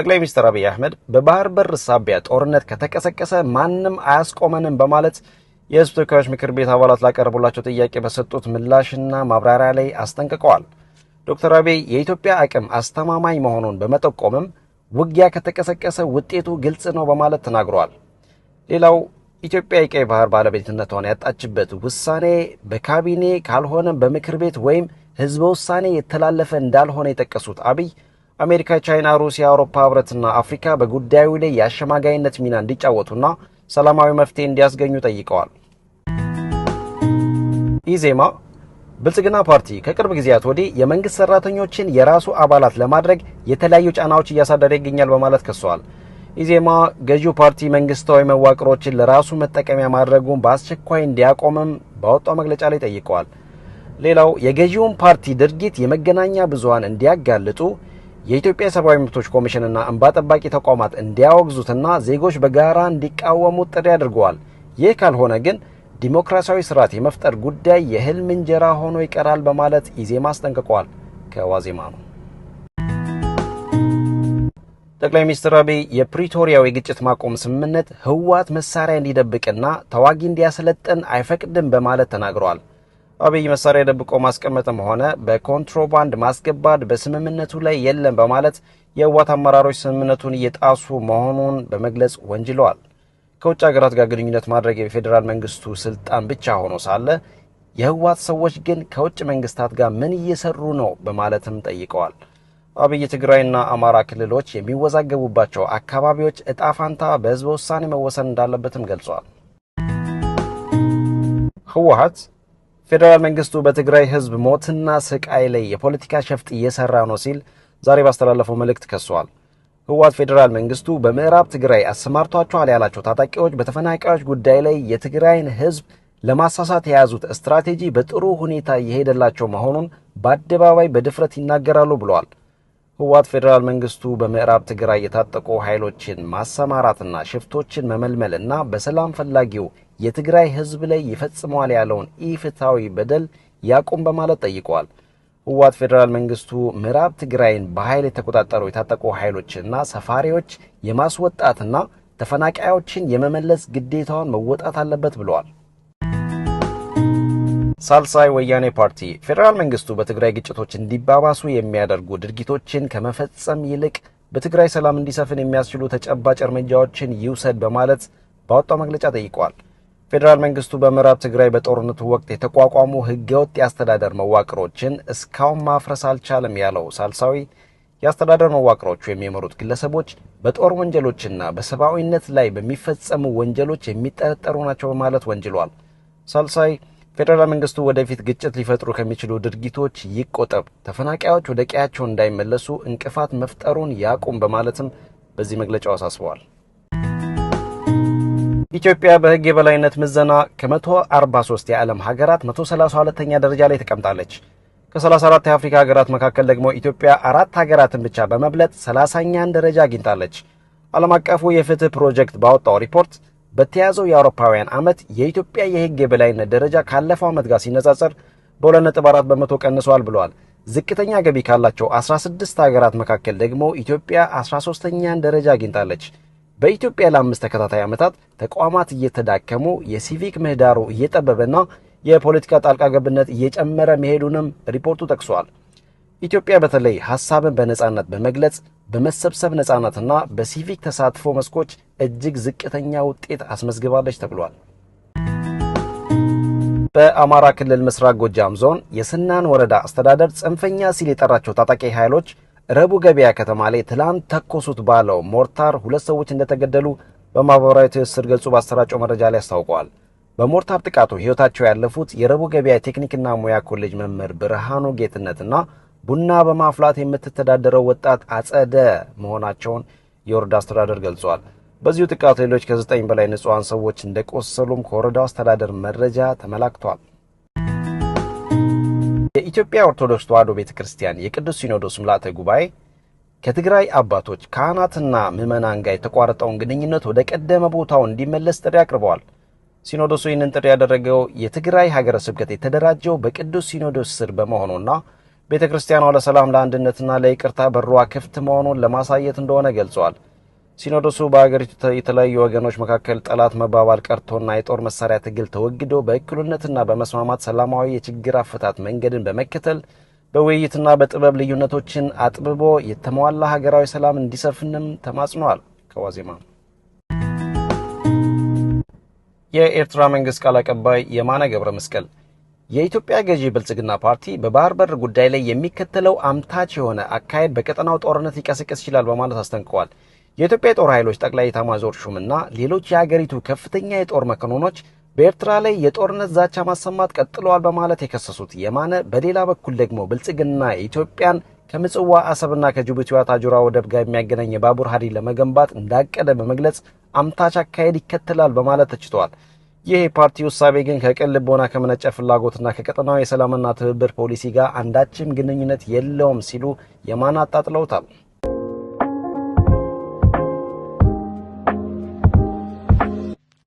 ጠቅላይ ሚኒስትር አብይ አህመድ በባህር በር ሳቢያ ጦርነት ከተቀሰቀሰ ማንም አያስቆመንም በማለት የህዝብ ተወካዮች ምክር ቤት አባላት ላቀረቡላቸው ጥያቄ በሰጡት ምላሽና ማብራሪያ ላይ አስጠንቅቀዋል። ዶክተር አብይ የኢትዮጵያ አቅም አስተማማኝ መሆኑን በመጠቆምም ውጊያ ከተቀሰቀሰ ውጤቱ ግልጽ ነው በማለት ተናግረዋል። ሌላው ኢትዮጵያ የቀይ ባህር ባለቤትነቷን ያጣችበት ውሳኔ በካቢኔ ካልሆነም በምክር ቤት ወይም ህዝበ ውሳኔ የተላለፈ እንዳልሆነ የጠቀሱት አብይ አሜሪካ፣ ቻይና፣ ሩሲያ፣ አውሮፓ ህብረትና አፍሪካ በጉዳዩ ላይ የአሸማጋይነት ሚና እንዲጫወቱና ሰላማዊ መፍትሄ እንዲያስገኙ ጠይቀዋል። ኢዜማ ብልጽግና ፓርቲ ከቅርብ ጊዜያት ወዲህ የመንግስት ሰራተኞችን የራሱ አባላት ለማድረግ የተለያዩ ጫናዎች እያሳደረ ይገኛል በማለት ከሰዋል። ኢዜማ ገዢው ፓርቲ መንግስታዊ መዋቅሮችን ለራሱ መጠቀሚያ ማድረጉን በአስቸኳይ እንዲያቆምም ባወጣው መግለጫ ላይ ጠይቀዋል። ሌላው የገዢውን ፓርቲ ድርጊት የመገናኛ ብዙሀን እንዲያጋልጡ የኢትዮጵያ የሰብአዊ መብቶች ኮሚሽንና እንባ ጠባቂ ተቋማት እንዲያወግዙትና ዜጎች በጋራ እንዲቃወሙት ጥሪ አድርገዋል። ይህ ካልሆነ ግን ዲሞክራሲያዊ ስርዓት የመፍጠር ጉዳይ የህልም እንጀራ ሆኖ ይቀራል በማለት ኢዜማ አስጠንቅቋል። ከዋዜማ ነው። ጠቅላይ ሚኒስትር አብይ የፕሪቶሪያው የግጭት ማቆም ስምምነት ህወሓት መሳሪያ እንዲደብቅና ተዋጊ እንዲያሰለጥን አይፈቅድም በማለት ተናግረዋል። አብይ መሳሪያ ደብቆ ማስቀመጥም ሆነ በኮንትሮባንድ ማስገባት በስምምነቱ ላይ የለም በማለት የህወሓት አመራሮች ስምምነቱን እየጣሱ መሆኑን በመግለጽ ወንጅለዋል። ከውጭ ሀገራት ጋር ግንኙነት ማድረግ የፌዴራል መንግስቱ ስልጣን ብቻ ሆኖ ሳለ የህወሓት ሰዎች ግን ከውጭ መንግስታት ጋር ምን እየሰሩ ነው በማለትም ጠይቀዋል። አብይ ትግራይና አማራ ክልሎች የሚወዛገቡባቸው አካባቢዎች እጣ ፋንታ በህዝበ ውሳኔ መወሰን እንዳለበትም ገልጿል። ህወሓት ፌዴራል መንግስቱ በትግራይ ህዝብ ሞትና ስቃይ ላይ የፖለቲካ ሸፍጥ እየሰራ ነው ሲል ዛሬ ባስተላለፈው መልእክት ከሷል። ህወሓት ፌዴራል መንግስቱ በምዕራብ ትግራይ አሰማርቷቸዋል ያላቸው ታጣቂዎች በተፈናቃዮች ጉዳይ ላይ የትግራይን ህዝብ ለማሳሳት የያዙት ስትራቴጂ በጥሩ ሁኔታ እየሄደላቸው መሆኑን በአደባባይ በድፍረት ይናገራሉ ብለዋል። ህወሓት ፌዴራል መንግስቱ በምዕራብ ትግራይ የታጠቁ ኃይሎችን ማሰማራትና ሽፍቶችን መመልመልና በሰላም ፈላጊው የትግራይ ህዝብ ላይ ይፈጽመዋል ያለውን ኢፍትሐዊ በደል ያቁም በማለት ጠይቋል። ህወሓት ፌዴራል መንግስቱ ምዕራብ ትግራይን በኃይል የተቆጣጠሩ የታጠቁ ኃይሎችና ሰፋሪዎች የማስወጣትና ተፈናቃዮችን የመመለስ ግዴታውን መወጣት አለበት ብለዋል። ሳልሳይ ወያኔ ፓርቲ ፌዴራል መንግስቱ በትግራይ ግጭቶች እንዲባባሱ የሚያደርጉ ድርጊቶችን ከመፈጸም ይልቅ በትግራይ ሰላም እንዲሰፍን የሚያስችሉ ተጨባጭ እርምጃዎችን ይውሰድ በማለት ባወጣው መግለጫ ጠይቋል። ፌዴራል መንግስቱ በምዕራብ ትግራይ በጦርነቱ ወቅት የተቋቋሙ ህገወጥ የአስተዳደር መዋቅሮችን እስካሁን ማፍረስ አልቻለም ያለው ሳልሳዊ የአስተዳደር መዋቅሮቹ የሚመሩት ግለሰቦች በጦር ወንጀሎችና በሰብአዊነት ላይ በሚፈጸሙ ወንጀሎች የሚጠረጠሩ ናቸው በማለት ወንጅሏል። ሳልሳይ ፌዴራል መንግስቱ ወደፊት ግጭት ሊፈጥሩ ከሚችሉ ድርጊቶች ይቆጠብ፣ ተፈናቃዮች ወደ ቀያቸው እንዳይመለሱ እንቅፋት መፍጠሩን ያቁም በማለትም በዚህ መግለጫው አሳስበዋል። ኢትዮጵያ በህግ የበላይነት ምዘና ከ143 የዓለም ሀገራት 132ኛ ደረጃ ላይ ተቀምጣለች። ከ34 የአፍሪካ ሀገራት መካከል ደግሞ ኢትዮጵያ አራት ሀገራትን ብቻ በመብለጥ 30ኛን ደረጃ አግኝታለች። ዓለም አቀፉ የፍትህ ፕሮጀክት ባወጣው ሪፖርት በተያዘው የአውሮፓውያን ዓመት የኢትዮጵያ የህግ የበላይነት ደረጃ ካለፈው ዓመት ጋር ሲነጻጸር በ2.4 በመቶ ቀንሷል ብለዋል። ዝቅተኛ ገቢ ካላቸው 16 ሀገራት መካከል ደግሞ ኢትዮጵያ 13ኛን ደረጃ አግኝታለች። በኢትዮጵያ ለአምስት ተከታታይ ዓመታት ተቋማት እየተዳከሙ የሲቪክ ምህዳሩ እየጠበበና የፖለቲካ ጣልቃ ገብነት እየጨመረ መሄዱንም ሪፖርቱ ጠቅሷል። ኢትዮጵያ በተለይ ሀሳብን በነጻነት በመግለጽ በመሰብሰብ ነጻነትና በሲቪክ ተሳትፎ መስኮች እጅግ ዝቅተኛ ውጤት አስመዝግባለች ተብሏል። በአማራ ክልል ምስራቅ ጎጃም ዞን የስናን ወረዳ አስተዳደር ጽንፈኛ ሲል የጠራቸው ታጣቂ ኃይሎች ረቡ ገበያ ከተማ ላይ ትላንት ተኮሱት ባለው ሞርታር ሁለት ሰዎች እንደተገደሉ በማህበራዊ ትስስር ገጹ ባሰራጨው መረጃ ላይ አስታውቋል። በሞርታር ጥቃቱ ህይወታቸው ያለፉት የረቡ ገበያ ቴክኒክና ሙያ ኮሌጅ መምህር ብርሃኑ ጌትነትና ቡና በማፍላት የምትተዳደረው ወጣት አጸደ መሆናቸውን የወረዳ አስተዳደር ገልጿል። በዚሁ ጥቃት ሌሎች ከዘጠኝ በላይ ንጹሐን ሰዎች እንደቆሰሉም ከወረዳው አስተዳደር መረጃ ተመላክቷል። የኢትዮጵያ ኦርቶዶክስ ተዋሕዶ ቤተ ክርስቲያን የቅዱስ ሲኖዶስ ምልዓተ ጉባኤ ከትግራይ አባቶች ካህናትና ምዕመናን ጋር የተቋረጠውን ግንኙነት ወደ ቀደመ ቦታው እንዲመለስ ጥሪ አቅርበዋል። ሲኖዶሱ ይህንን ጥሪ ያደረገው የትግራይ ሀገረ ስብከት የተደራጀው በቅዱስ ሲኖዶስ ስር በመሆኑና ቤተ ክርስቲያኗ ለሰላም ለአንድነትና ለይቅርታ በሯ ክፍት መሆኑን ለማሳየት እንደሆነ ገልጸዋል። ሲኖዶሱ በሀገሪቱ የተለያዩ ወገኖች መካከል ጠላት መባባል ቀርቶና የጦር መሳሪያ ትግል ተወግዶ በእኩልነትና በመስማማት ሰላማዊ የችግር አፈታት መንገድን በመከተል በውይይትና በጥበብ ልዩነቶችን አጥብቦ የተሟላ ሀገራዊ ሰላም እንዲሰፍንም ተማጽነዋል። ከዋዜማ የኤርትራ መንግስት ቃል አቀባይ የማነ ገብረ መስቀል የኢትዮጵያ ገዢ ብልጽግና ፓርቲ በባህር በር ጉዳይ ላይ የሚከተለው አምታች የሆነ አካሄድ በቀጠናው ጦርነት ሊቀሰቅስ ይችላል በማለት አስጠንቅቀዋል። የኢትዮጵያ የጦር ኃይሎች ጠቅላይ ኤታማዦር ሹምና ሌሎች የሀገሪቱ ከፍተኛ የጦር መኮንኖች በኤርትራ ላይ የጦርነት ዛቻ ማሰማት ቀጥለዋል በማለት የከሰሱት የማነ በሌላ በኩል ደግሞ ብልጽግና ኢትዮጵያን ከምጽዋ አሰብና ከጅቡቲ ታጁራ ወደብ ጋር የሚያገናኝ የባቡር ሀዲድ ለመገንባት እንዳቀደ በመግለጽ አምታች አካሄድ ይከተላል በማለት ተችተዋል። ይህ የፓርቲ ውሳቤ ግን ከቅን ልቦና ከመነጨ ፍላጎትና ከቀጠናዊ የሰላምና ትብብር ፖሊሲ ጋር አንዳችም ግንኙነት የለውም ሲሉ የማነ አጣጥለውታል።